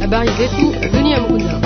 Habari eh zetu dunia mkunda.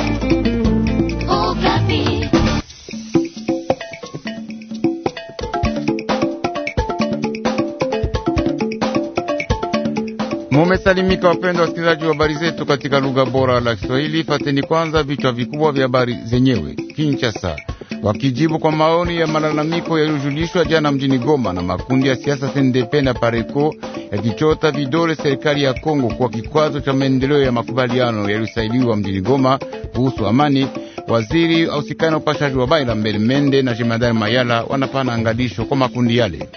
Mumesalimika wapendwa wasikilizaji wa habari zetu katika lugha bora la Kiswahili. Fateni kwanza vichwa vikubwa vya habari zenyewe. Kinshasa wakijibu kwa maoni ya malalamiko yaliyojulishwa jana mjini Goma na makundi ya siasa CNDP na Pareko yakichota vidole serikali ya Kongo kwa kikwazo cha maendeleo ya makubaliano yaliyosailiwa mjini Goma kuhusu amani. Waziri ausikana upashaji wa baila mbele mende na jemadari Mayala wanapana angalisho kwa makundi yale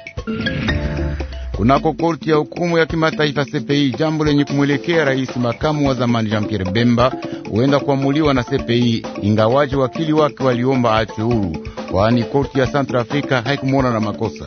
kunako korti ya hukumu ya kimataifa CPI, jambo lenye kumwelekea rais makamu wa zamani Jean Pierre Bemba huenda kuamuliwa na CPI, ingawaje wakili wake waliomba aache huru, kwani korti ya Central Africa haikumwona na makosa.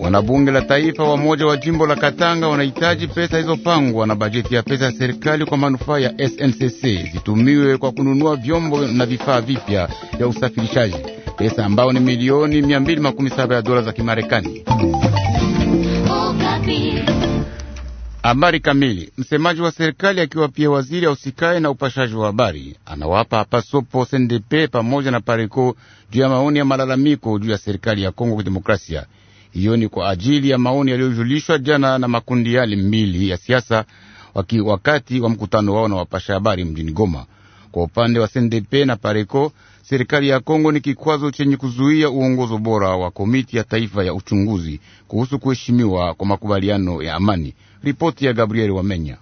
Wanabunge la taifa wamoja wa jimbo la Katanga wanahitaji pesa izopangwa na bajeti ya pesa ya serikali kwa manufaa ya SNCC zitumiwe kwa kununua vyombo na vifaa vipya vya usafirishaji pesa ambao ni milioni 217 ya dola za Kimarekani. Habari kamili. Msemaji wa serikali akiwa pia waziri ausikae na upashaji wa habari anawapa pasopo SNDP pamoja na pareko juu ya maoni ya malalamiko juu ya serikali ya Kongo Kidemokrasia. Hiyo ni kwa ajili ya maoni yaliyojulishwa jana na makundi yale mbili ya siasa waki, wakati wa mkutano wao na wapasha habari mjini Goma. Kwa upande wa CNDP na Pareko, serikali ya Kongo ni kikwazo chenye kuzuia uongozo bora wa komiti ya taifa ya uchunguzi kuhusu kuheshimiwa kwa makubaliano ya amani. Ripoti ya Gabriel Wamenya.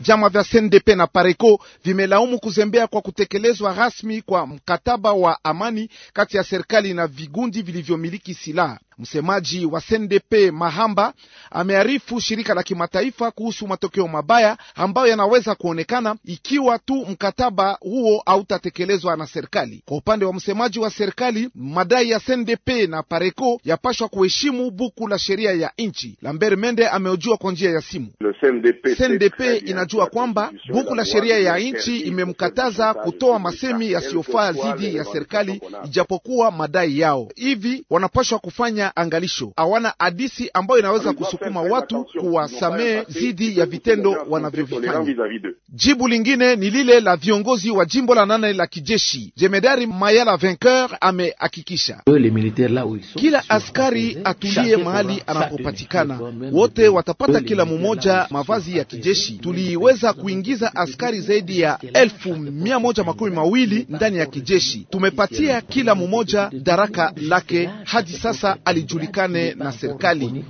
Vyama vya CNDP na Pareco vimelaumu kuzembea kwa kutekelezwa rasmi kwa mkataba wa amani kati ya serikali na vigundi vilivyomiliki silaha. Msemaji wa sndp Mahamba amearifu shirika la kimataifa kuhusu matokeo mabaya ambayo yanaweza kuonekana ikiwa tu mkataba huo hautatekelezwa na serikali. Kwa upande wa msemaji wa serikali, madai ya sndp na Pareco yapashwa kuheshimu buku la sheria ya nchi. Lambert Mende ameojua kwa njia ya simu. sndp inajua kwamba buku la sheria ya nchi imemkataza kutoa masemi yasiyofaa dhidi ya serikali, ijapokuwa madai yao hivi wanapashwa kufanya kufanya angalisho, hawana hadisi ambayo inaweza kusukuma watu kuwasamehe dhidi ya vitendo wanavyovifanya. Jibu lingine ni lile la viongozi wa jimbo la nane la kijeshi. Jemedari Mayala Vainqueur amehakikisha kila askari atulie mahali anapopatikana, wote watapata kila mmoja mavazi ya kijeshi. Tuliweza kuingiza askari zaidi ya elfu mia moja makumi mawili ndani ya kijeshi, tumepatia kila mmoja daraka lake hadi sasa alijulikane na serikali.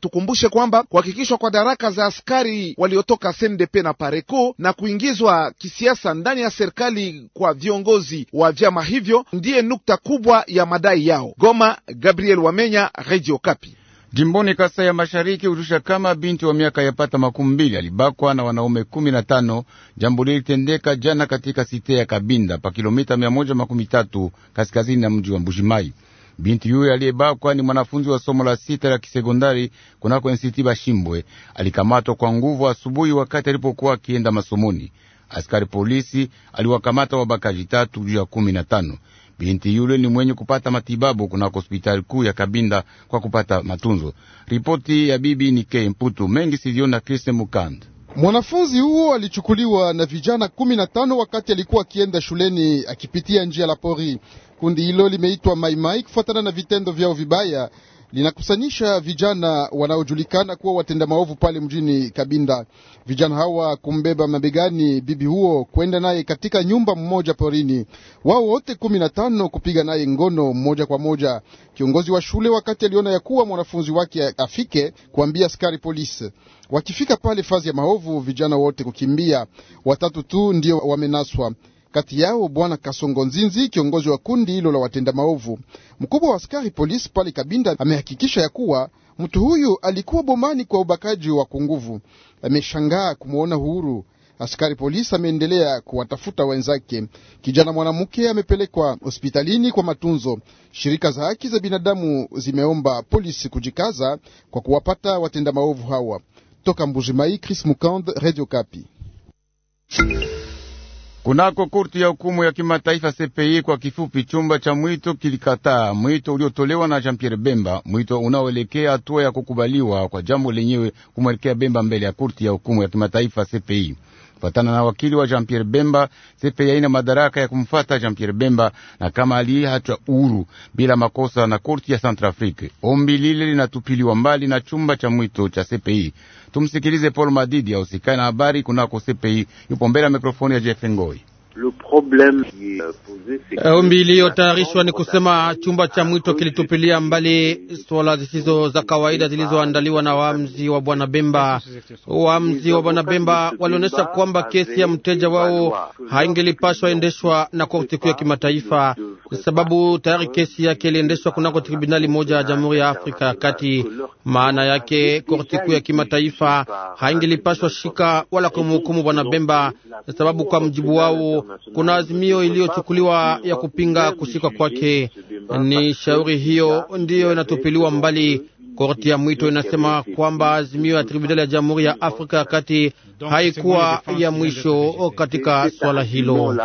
Tukumbushe kwamba kuhakikishwa kwa daraka za askari waliotoka SNDP na PARECO na kuingizwa kisiasa ndani ya serikali kwa viongozi wa vyama hivyo ndiye nukta kubwa ya madai yao. Goma, Gabriel Wamenya, Radio Kapi. Jimboni Kasai ya Mashariki hushusha kama binti wa miaka yapata makumi mbili alibakwa na wanaume kumi na tano. Jambo lilitendeka jana katika site ya Kabinda pa kilomita mia moja makumi tatu kaskazini na mji wa Mbujimai. Binti huyo aliyebakwa ni mwanafunzi wa somo la sita la kisekondari kunako Instituti Bashimbwe. Alikamatwa kwa nguvu asubuhi wakati alipokuwa akienda masomoni. Askari polisi aliwakamata wabakaji tatu juu ya kumi na tano. Binti yule ni mwenye kupata matibabu kunako hospitali kuu ya Kabinda kwa kupata matunzo. Ripoti ya bibi Nike Mputu mengi sivyo na Kriste mukanda Mwanafunzi huo alichukuliwa na vijana kumi na tano wakati alikuwa akienda shuleni akipitia njia la pori. Kundi hilo limeitwa Maimai kufuatana na vitendo vyao vibaya linakusanyisha vijana wanaojulikana kuwa watenda maovu pale mjini Kabinda. Vijana hawa kumbeba mabegani bibi huo kwenda naye katika nyumba mmoja porini, wao wote kumi na tano kupiga naye ngono moja kwa moja. Kiongozi wa shule wakati aliona ya kuwa mwanafunzi wake afike kuambia askari polisi. Wakifika pale fazi ya maovu, vijana wote kukimbia, watatu tu ndio wamenaswa kati yao bwana Kasongo Nzinzi, kiongozi wa kundi hilo la watenda maovu. Mkubwa wa askari polisi pale Kabinda amehakikisha ya kuwa mtu huyu alikuwa bomani kwa ubakaji wa kunguvu. Ameshangaa kumwona huru. Askari polisi ameendelea kuwatafuta wenzake. Kijana mwanamke amepelekwa hospitalini kwa matunzo. Shirika za haki za binadamu zimeomba polisi kujikaza kwa kuwapata watenda maovu hawa. Toka Mbujimai, Chris Mukand, Radio Kapi. Kunako kurti ya hukumu ya kimataifa CPI kwa kifupi, chumba cha mwito kilikataa mwito uliotolewa na Jean Pierre Bemba, mwito unaoelekea hatua ya kukubaliwa kwa jambo lenyewe kumwelekea Bemba mbele ya kurti ya hukumu ya kimataifa CPI kufatana na wakili wa Jean Pierre Bemba, CPI yaina madaraka ya kumfata Jean Pierre Bemba na kama aliyeachwa uru bila makosa na korti ya Centrafrique. Ombi lile linatupiliwa mbali na chumba cha mwito cha CPI. Tumsikilize Paul Madidi ausikane na habari kunako CPI, yupo mbele ya mikrofoni ya Jeff Ngoi. Euh, Ombi iliyotayarishwa ni kusema chumba cha mwito kilitupilia mbali swala zisizo za kawaida zilizoandaliwa na waamzi wa bwana Bemba. Waamzi wa bwana Bemba walionyesha kwamba kesi ya mteja wao haingelipashwa endeshwa na korti kuu ya kimataifa sababu tayari kesi yake iliendeshwa kunako tribunali moja ya Jamhuri ya Afrika ya Kati. Maana yake korti kuu ya kimataifa haingelipashwa shika wala kumhukumu bwana Bemba, sababu kwa mjibu wao kuna azimio iliyochukuliwa ya kupinga kushikwa kwake. Ni shauri hiyo ndiyo inatupiliwa mbali. Korti ya mwito inasema kwamba azimio ya tribunali ya Jamhuri ya Afrika ya Kati haikuwa ya mwisho katika swala hilo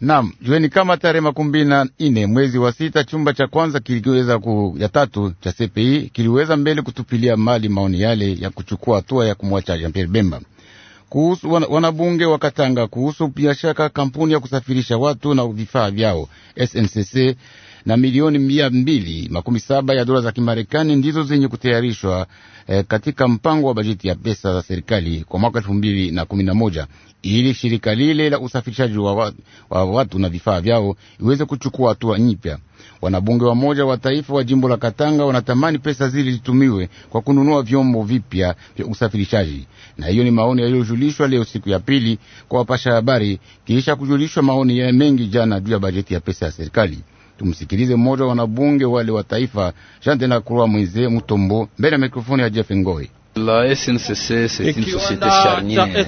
nam jueni kama tarehe makumi na ine mwezi wa sita chumba cha kwanza kiliweza ku, ya tatu cha CPI kiliweza mbele kutupilia mali maoni yale ya kuchukua hatua ya kumwacha Jean Pierre Bemba. Kuhusu wanabunge wakatanga kuhusu bila shaka kampuni ya kusafirisha watu na vifaa vyao SNCC na milioni mia mbili makumi saba ya dola za Kimarekani ndizo zenye kutayarishwa eh, katika mpango wa bajeti ya pesa za serikali kwa mwaka elfu mbili na kumi na moja ili shirika lile la usafirishaji wa, wa watu na vifaa vyao iweze kuchukua hatua nyipya. Wanabunge wa moja wa taifa wa jimbo la Katanga wanatamani pesa zile zitumiwe kwa kununua vyombo vipya vya usafirishaji, na hiyo ni maoni yaliyojulishwa leo siku ya pili kwa wapasha habari, kisha kujulishwa maoni ya mengi jana juu ya bajeti ya pesa ya serikali. Tumsikilize mmoja wa wanabunge wale wa taifa Jean de la Croix Mwize Mutombo mbele ya mikrofoni ya Jeff Ngoi. La SNCC cha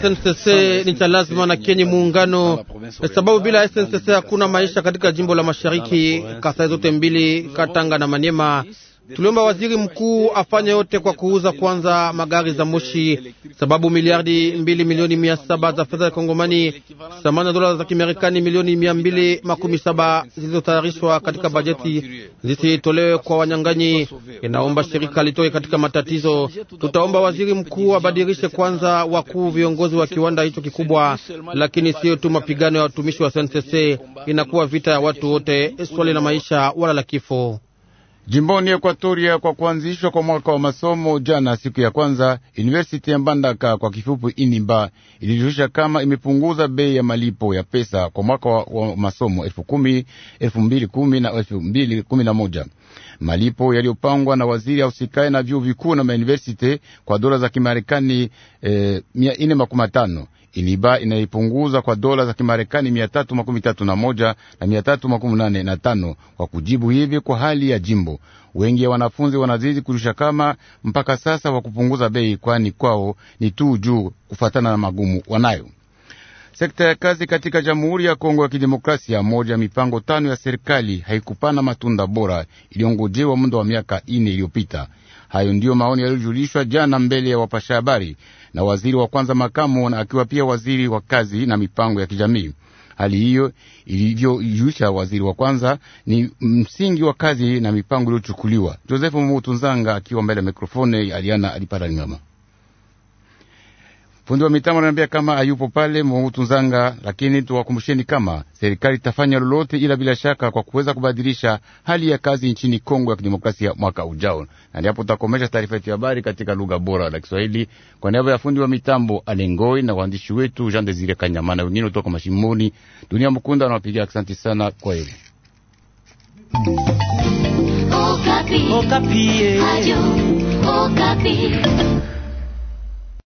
SNCC ni cha lazima na kenye muungano, sababu bila SNCC hakuna maisha katika jimbo la mashariki, kasai zote mbili, Katanga na Manyema. Tuliomba waziri mkuu afanye yote kwa kuuza kwanza magari za moshi, sababu miliardi mbili milioni mia saba za fedha ya Kongomani samani dola za Kimarekani milioni mia mbili makumi saba zilizotayarishwa katika bajeti zisitolewe kwa wanyang'anyi. Inaomba shirika litoke katika matatizo. Tutaomba waziri mkuu abadilishe kwanza wakuu viongozi wa kiwanda hicho kikubwa, lakini siyo tu mapigano ya watumishi wa SNCC, inakuwa vita ya watu wote, swali la maisha wala la kifo. Jimboni Ekwatoria kwa kuanzishwa kwa mwaka wa masomo jana, siku ya kwanza, University ya Mbandaka kwa kifupi Inimba ilijulisha kama imepunguza bei ya malipo ya pesa kwa mwaka wa masomo elfu kumi, elfu mbili kumi na elfu mbili kumi na moja. Malipo yaliyopangwa na waziri usikae na vyuo vikuu na mauniversite kwa dola za Kimarekani eh, mia makumi matano iliba inaipunguza kwa dola za Kimarekani mia tatu makumi tatu na moja na mia tatu makumi nane na tano kwa kujibu hivi kwa hali ya jimbo. Wengi ya wanafunzi wanazidi kurusha kama mpaka sasa wa kupunguza bei, kwani kwao ni tu juu kufatana na magumu wanayo sekta ya kazi katika Jamhuri ya Kongo ya Kidemokrasia. Moja ya mipango tano ya serikali haikupana matunda bora iliyongojewa muda wa miaka ine iliyopita. Hayo ndiyo maoni yaliyojulishwa jana mbele ya wapasha habari na waziri wa kwanza makamu, na akiwa pia waziri wa kazi na mipango ya kijamii. Hali hiyo ilivyojusha waziri wa kwanza ni msingi wa kazi na mipango iliyochukuliwa. Josefu Mutunzanga akiwa mbele ya mikrofone Aliana nyama Fundi wa mitambo ananiambia kama ayupo pale Moutunzanga, lakini tuwakumbusheni kama serikali itafanya lolote, ila bila shaka kwa kuweza kubadilisha hali ya kazi nchini Kongo ya Kidemokrasia mwaka ujao. Na ndipo tutakomesha taarifa yetu ya habari katika lugha bora la Kiswahili kwa niaba ya fundi wa mitambo Alengoi na waandishi wetu Jean Desire Kanyamana, wengine kutoka Mashimoni, Dunia Mkunda anawapigia asante sana kwa heri. Okapi. Okapi. Eh.